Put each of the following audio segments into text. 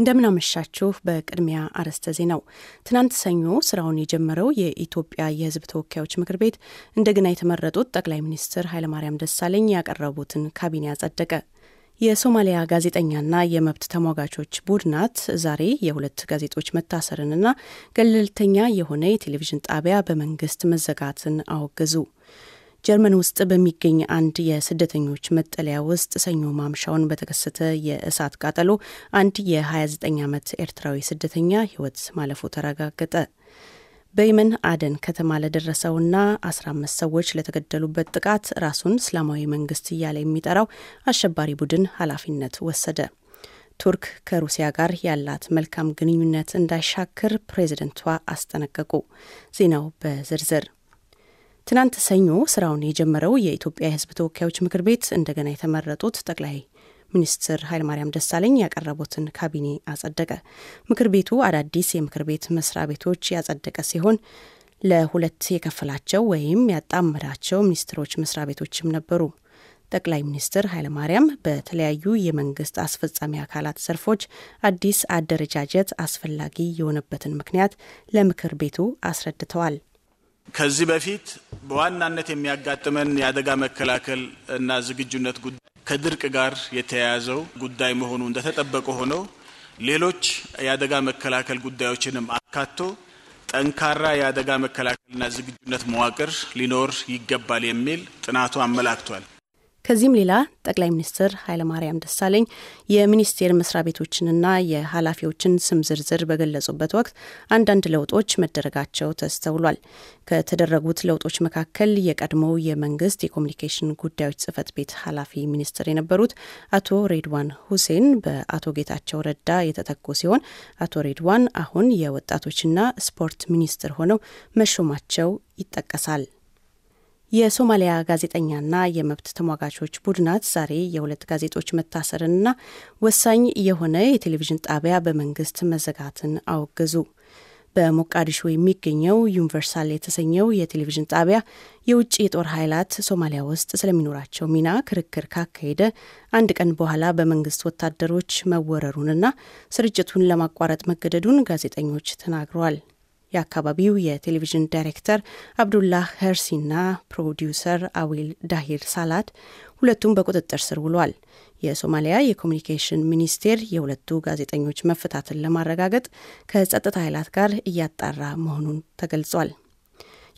እንደምናመሻችሁ በቅድሚያ አርዕስተ ዜናው። ትናንት ሰኞ ስራውን የጀመረው የኢትዮጵያ የህዝብ ተወካዮች ምክር ቤት እንደገና የተመረጡት ጠቅላይ ሚኒስትር ኃይለማርያም ደሳለኝ ያቀረቡትን ካቢኔ አጸደቀ። የሶማሊያ ጋዜጠኛና የመብት ተሟጋቾች ቡድናት ዛሬ የሁለት ጋዜጦች መታሰርንና ገለልተኛ የሆነ የቴሌቪዥን ጣቢያ በመንግስት መዘጋትን አወገዙ። ጀርመን ውስጥ በሚገኝ አንድ የስደተኞች መጠለያ ውስጥ ሰኞ ማምሻውን በተከሰተ የእሳት ቃጠሎ አንድ የ29 ዓመት ኤርትራዊ ስደተኛ ሕይወት ማለፉ ተረጋገጠ። በየመን አደን ከተማ ለደረሰውና 15 ሰዎች ለተገደሉበት ጥቃት ራሱን እስላማዊ መንግስት እያለ የሚጠራው አሸባሪ ቡድን ኃላፊነት ወሰደ። ቱርክ ከሩሲያ ጋር ያላት መልካም ግንኙነት እንዳይሻክር ፕሬዝደንቷ አስጠነቀቁ። ዜናው በዝርዝር ትናንት ሰኞ ስራውን የጀመረው የኢትዮጵያ የህዝብ ተወካዮች ምክር ቤት እንደገና የተመረጡት ጠቅላይ ሚኒስትር ኃይለማርያም ደሳለኝ ያቀረቡትን ካቢኔ አጸደቀ። ምክር ቤቱ አዳዲስ የምክር ቤት መስሪያ ቤቶች ያጸደቀ ሲሆን ለሁለት የከፈላቸው ወይም ያጣመራቸው ሚኒስትሮች መስሪያ ቤቶችም ነበሩ። ጠቅላይ ሚኒስትር ኃይለማርያም በተለያዩ የመንግስት አስፈጻሚ አካላት ዘርፎች አዲስ አደረጃጀት አስፈላጊ የሆነበትን ምክንያት ለምክር ቤቱ አስረድተዋል። ከዚህ በፊት በዋናነት የሚያጋጥመን የአደጋ መከላከል እና ዝግጁነት ጉዳይ ከድርቅ ጋር የተያያዘው ጉዳይ መሆኑ እንደተጠበቀ ሆኖ ሌሎች የአደጋ መከላከል ጉዳዮችንም አካቶ ጠንካራ የአደጋ መከላከልና ዝግጁነት መዋቅር ሊኖር ይገባል የሚል ጥናቱ አመላክቷል። ከዚህም ሌላ ጠቅላይ ሚኒስትር ኃይለማርያም ደሳለኝ የሚኒስቴር መስሪያ ቤቶችንና የኃላፊዎችን ስም ዝርዝር በገለጹበት ወቅት አንዳንድ ለውጦች መደረጋቸው ተስተውሏል። ከተደረጉት ለውጦች መካከል የቀድሞው የመንግስት የኮሚኒኬሽን ጉዳዮች ጽህፈት ቤት ኃላፊ ሚኒስትር የነበሩት አቶ ሬድዋን ሁሴን በአቶ ጌታቸው ረዳ የተተኩ ሲሆን አቶ ሬድዋን አሁን የወጣቶችና ስፖርት ሚኒስትር ሆነው መሾማቸው ይጠቀሳል። የሶማሊያ ጋዜጠኛና የመብት ተሟጋቾች ቡድናት ዛሬ የሁለት ጋዜጦች መታሰርንና ወሳኝ የሆነ የቴሌቪዥን ጣቢያ በመንግስት መዘጋትን አወገዙ። በሞቃዲሾ የሚገኘው ዩኒቨርሳል የተሰኘው የቴሌቪዥን ጣቢያ የውጭ የጦር ኃይላት ሶማሊያ ውስጥ ስለሚኖራቸው ሚና ክርክር ካካሄደ አንድ ቀን በኋላ በመንግስት ወታደሮች መወረሩንና ስርጭቱን ለማቋረጥ መገደዱን ጋዜጠኞች ተናግረዋል። የአካባቢው የቴሌቪዥን ዳይሬክተር አብዱላህ ሄርሲና ፕሮዲውሰር አዊል ዳሂር ሳላድ ሁለቱም በቁጥጥር ስር ውሏል። የሶማሊያ የኮሚኒኬሽን ሚኒስቴር የሁለቱ ጋዜጠኞች መፈታትን ለማረጋገጥ ከጸጥታ ኃይላት ጋር እያጣራ መሆኑን ተገልጿል።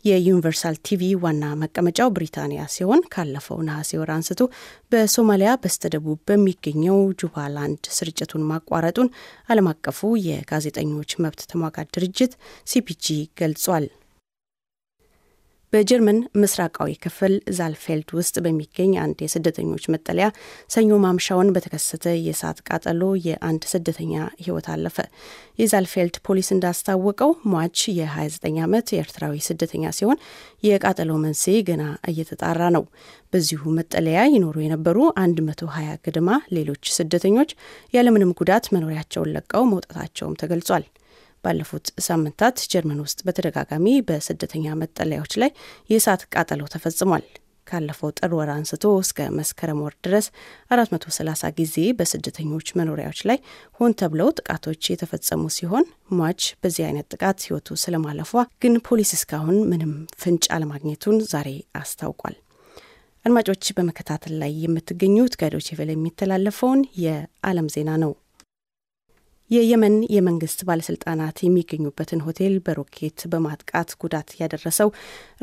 የዩኒቨርሳል ቲቪ ዋና መቀመጫው ብሪታንያ ሲሆን ካለፈው ነሐሴ ወር አንስቶ በሶማሊያ በስተደቡብ በሚገኘው ጁባላንድ ስርጭቱን ማቋረጡን ዓለም አቀፉ የጋዜጠኞች መብት ተሟጋች ድርጅት ሲፒጂ ገልጿል። በጀርመን ምስራቃዊ ክፍል ዛልፌልድ ውስጥ በሚገኝ አንድ የስደተኞች መጠለያ ሰኞ ማምሻውን በተከሰተ የእሳት ቃጠሎ የአንድ ስደተኛ ሕይወት አለፈ። የዛልፌልድ ፖሊስ እንዳስታወቀው ሟች የ29 ዓመት የኤርትራዊ ስደተኛ ሲሆን የቃጠሎ መንስኤ ገና እየተጣራ ነው። በዚሁ መጠለያ ይኖሩ የነበሩ 120 ገደማ ሌሎች ስደተኞች ያለምንም ጉዳት መኖሪያቸውን ለቀው መውጣታቸውም ተገልጿል። ባለፉት ሳምንታት ጀርመን ውስጥ በተደጋጋሚ በስደተኛ መጠለያዎች ላይ የእሳት ቃጠሎ ተፈጽሟል። ካለፈው ጥር ወር አንስቶ እስከ መስከረም ወር ድረስ 430 ጊዜ በስደተኞች መኖሪያዎች ላይ ሆን ተብለው ጥቃቶች የተፈጸሙ ሲሆን ሟች በዚህ አይነት ጥቃት ሕይወቱ ስለማለፏ ግን ፖሊስ እስካሁን ምንም ፍንጭ አለማግኘቱን ዛሬ አስታውቋል። አድማጮች በመከታተል ላይ የምትገኙት ከዶይቼ ቬለ የሚተላለፈውን የዓለም ዜና ነው። የየመን የመንግስት ባለስልጣናት የሚገኙበትን ሆቴል በሮኬት በማጥቃት ጉዳት ያደረሰው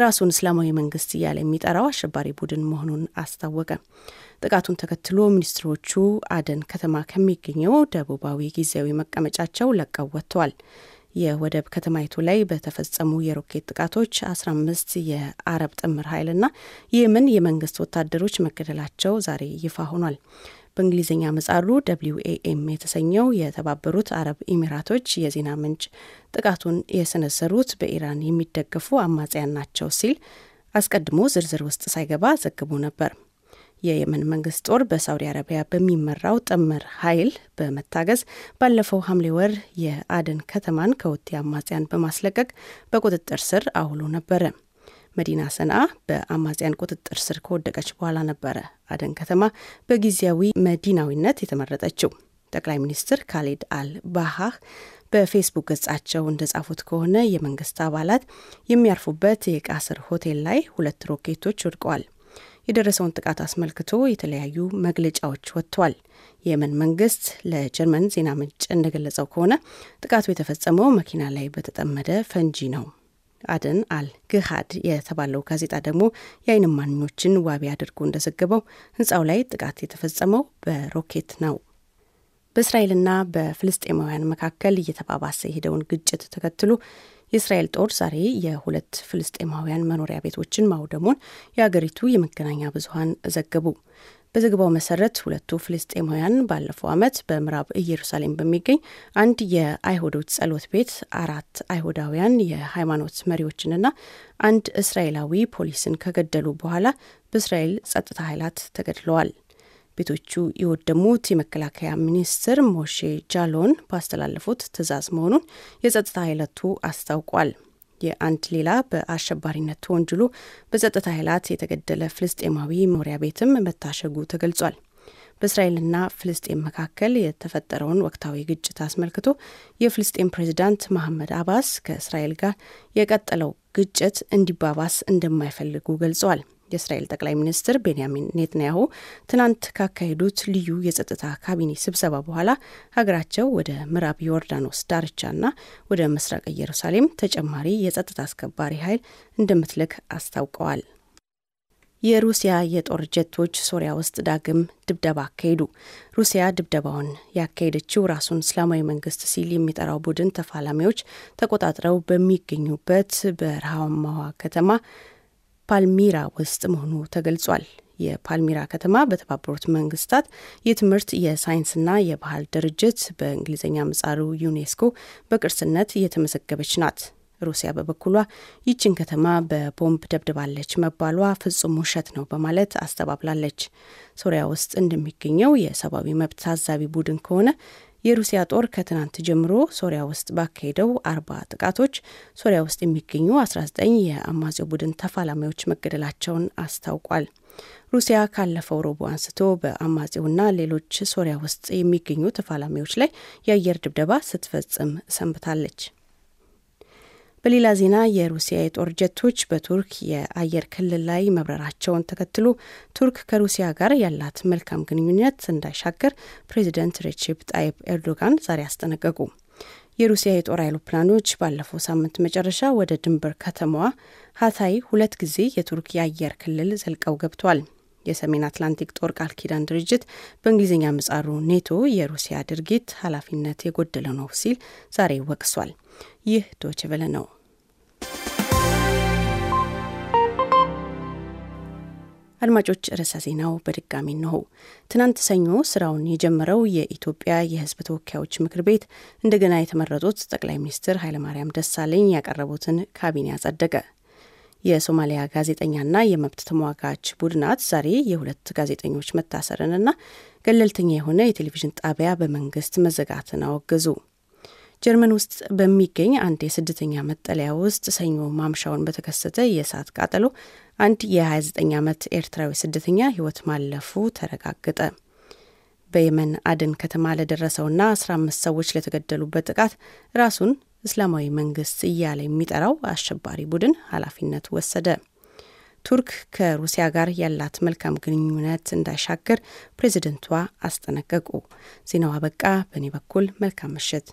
ራሱን እስላማዊ መንግስት እያለ የሚጠራው አሸባሪ ቡድን መሆኑን አስታወቀ። ጥቃቱን ተከትሎ ሚኒስትሮቹ አደን ከተማ ከሚገኘው ደቡባዊ ጊዜያዊ መቀመጫቸው ለቀው ወጥተዋል። የወደብ ከተማይቱ ላይ በተፈጸሙ የሮኬት ጥቃቶች 15 የአረብ ጥምር ኃይልና የየመን የመንግስት ወታደሮች መገደላቸው ዛሬ ይፋ ሆኗል። በእንግሊዝኛ መጻሩ ደብሊዩ ኤኤም የተሰኘው የተባበሩት አረብ ኤሚራቶች የዜና ምንጭ ጥቃቱን የሰነዘሩት በኢራን የሚደገፉ አማጽያን ናቸው ሲል አስቀድሞ ዝርዝር ውስጥ ሳይገባ ዘግቦ ነበር። የየመን መንግስት ጦር በሳውዲ አረቢያ በሚመራው ጥምር ኃይል በመታገዝ ባለፈው ሐምሌ ወር የአደን ከተማን ከውቲ አማጽያን በማስለቀቅ በቁጥጥር ስር አውሎ ነበረ። መዲና ሰንዓ በአማጽያን ቁጥጥር ስር ከወደቀች በኋላ ነበረ አደን ከተማ በጊዜያዊ መዲናዊነት የተመረጠችው። ጠቅላይ ሚኒስትር ካሌድ አል ባሃህ በፌስቡክ ገጻቸው እንደጻፉት ከሆነ የመንግስት አባላት የሚያርፉበት የቃስር ሆቴል ላይ ሁለት ሮኬቶች ወድቀዋል። የደረሰውን ጥቃት አስመልክቶ የተለያዩ መግለጫዎች ወጥቷል። የመን መንግስት ለጀርመን ዜና ምንጭ እንደገለጸው ከሆነ ጥቃቱ የተፈጸመው መኪና ላይ በተጠመደ ፈንጂ ነው። አደን አል ግሃድ የተባለው ጋዜጣ ደግሞ የአይን እማኞችን ዋቢ አድርጎ እንደዘገበው ህንፃው ላይ ጥቃት የተፈጸመው በሮኬት ነው። በእስራኤልና በፍልስጤማውያን መካከል እየተባባሰ የሄደውን ግጭት ተከትሎ የእስራኤል ጦር ዛሬ የሁለት ፍልስጤማውያን መኖሪያ ቤቶችን ማውደሙን የአገሪቱ የመገናኛ ብዙሀን ዘገቡ። በዘገባው መሰረት ሁለቱ ፍልስጤማውያን ባለፈው ዓመት በምዕራብ ኢየሩሳሌም በሚገኝ አንድ የአይሁዶች ጸሎት ቤት አራት አይሁዳውያን የሃይማኖት መሪዎችንና አንድ እስራኤላዊ ፖሊስን ከገደሉ በኋላ በእስራኤል ጸጥታ ኃይላት ተገድለዋል። ቤቶቹ የወደሙት የመከላከያ ሚኒስትር ሞሼ ጃሎን ባስተላለፉት ትዕዛዝ መሆኑን የጸጥታ ኃይላቱ አስታውቋል። የአንድ ሌላ በአሸባሪነት ተወንጅሎ በጸጥታ ኃይላት የተገደለ ፍልስጤማዊ መኖሪያ ቤትም መታሸጉ ተገልጿል። በእስራኤልና ፍልስጤም መካከል የተፈጠረውን ወቅታዊ ግጭት አስመልክቶ የፍልስጤም ፕሬዚዳንት መሐመድ አባስ ከእስራኤል ጋር የቀጠለው ግጭት እንዲባባስ እንደማይፈልጉ ገልጸዋል። የእስራኤል ጠቅላይ ሚኒስትር ቤንያሚን ኔትንያሁ ትናንት ካካሄዱት ልዩ የጸጥታ ካቢኔ ስብሰባ በኋላ ሀገራቸው ወደ ምዕራብ ዮርዳኖስ ዳርቻና ወደ ምስራቅ ኢየሩሳሌም ተጨማሪ የጸጥታ አስከባሪ ኃይል እንደምትልክ አስታውቀዋል። የሩሲያ የጦር ጀቶች ሶሪያ ውስጥ ዳግም ድብደባ አካሄዱ። ሩሲያ ድብደባውን ያካሄደችው ራሱን እስላማዊ መንግስት ሲል የሚጠራው ቡድን ተፋላሚዎች ተቆጣጥረው በሚገኙበት በረሃማዋ ከተማ ፓልሚራ ውስጥ መሆኑ ተገልጿል። የፓልሚራ ከተማ በተባበሩት መንግስታት የትምህርት የሳይንስና የባህል ድርጅት በእንግሊዝኛ ምጻሩ ዩኔስኮ በቅርስነት የተመዘገበች ናት። ሩሲያ በበኩሏ ይችን ከተማ በቦምብ ደብድባለች መባሏ ፍጹም ውሸት ነው በማለት አስተባብላለች። ሶሪያ ውስጥ እንደሚገኘው የሰብአዊ መብት ታዛቢ ቡድን ከሆነ የሩሲያ ጦር ከትናንት ጀምሮ ሶሪያ ውስጥ ባካሄደው አርባ ጥቃቶች ሶሪያ ውስጥ የሚገኙ 19 የአማጺው ቡድን ተፋላሚዎች መገደላቸውን አስታውቋል። ሩሲያ ካለፈው ረቡዕ አንስቶ በአማጺውና ሌሎች ሶሪያ ውስጥ የሚገኙ ተፋላሚዎች ላይ የአየር ድብደባ ስትፈጽም ሰንብታለች። በሌላ ዜና የሩሲያ የጦር ጀቶች በቱርክ የአየር ክልል ላይ መብረራቸውን ተከትሎ ቱርክ ከሩሲያ ጋር ያላት መልካም ግንኙነት እንዳይሻገር ፕሬዚደንት ሬቼፕ ጣይብ ኤርዶጋን ዛሬ አስጠነቀቁ። የሩሲያ የጦር አይሮፕላኖች ባለፈው ሳምንት መጨረሻ ወደ ድንበር ከተማዋ ሀታይ ሁለት ጊዜ የቱርክ የአየር ክልል ዘልቀው ገብቷል። የሰሜን አትላንቲክ ጦር ቃል ኪዳን ድርጅት በእንግሊዝኛ ምጻሩ ኔቶ የሩሲያ ድርጊት ኃላፊነት የጎደለ ነው ሲል ዛሬ ወቅሷል። ይህ ዶችቨለ ነው። አድማጮች ርዕሰ ዜናው በድጋሚ ነሆ ትናንት ሰኞ ስራውን የጀመረው የኢትዮጵያ የሕዝብ ተወካዮች ምክር ቤት እንደገና የተመረጡት ጠቅላይ ሚኒስትር ኃይለማርያም ደሳለኝ ያቀረቡትን ካቢኔ አጸደቀ። የሶማሊያ ጋዜጠኛና የመብት ተሟጋች ቡድናት ዛሬ የሁለት ጋዜጠኞች መታሰርንና ገለልተኛ የሆነ የቴሌቪዥን ጣቢያ በመንግስት መዘጋትን አወገዙ። ጀርመን ውስጥ በሚገኝ አንድ የስደተኛ መጠለያ ውስጥ ሰኞ ማምሻውን በተከሰተ የእሳት ቃጠሎ አንድ የ29 ዓመት ኤርትራዊ ስደተኛ ሕይወት ማለፉ ተረጋገጠ። በየመን አድን ከተማ ለደረሰውና 15 ሰዎች ለተገደሉበት ጥቃት ራሱን እስላማዊ መንግስት እያለ የሚጠራው አሸባሪ ቡድን ኃላፊነት ወሰደ። ቱርክ ከሩሲያ ጋር ያላት መልካም ግንኙነት እንዳይሻገር ፕሬዚደንቷ አስጠነቀቁ። ዜናው አበቃ። በእኔ በኩል መልካም ምሽት።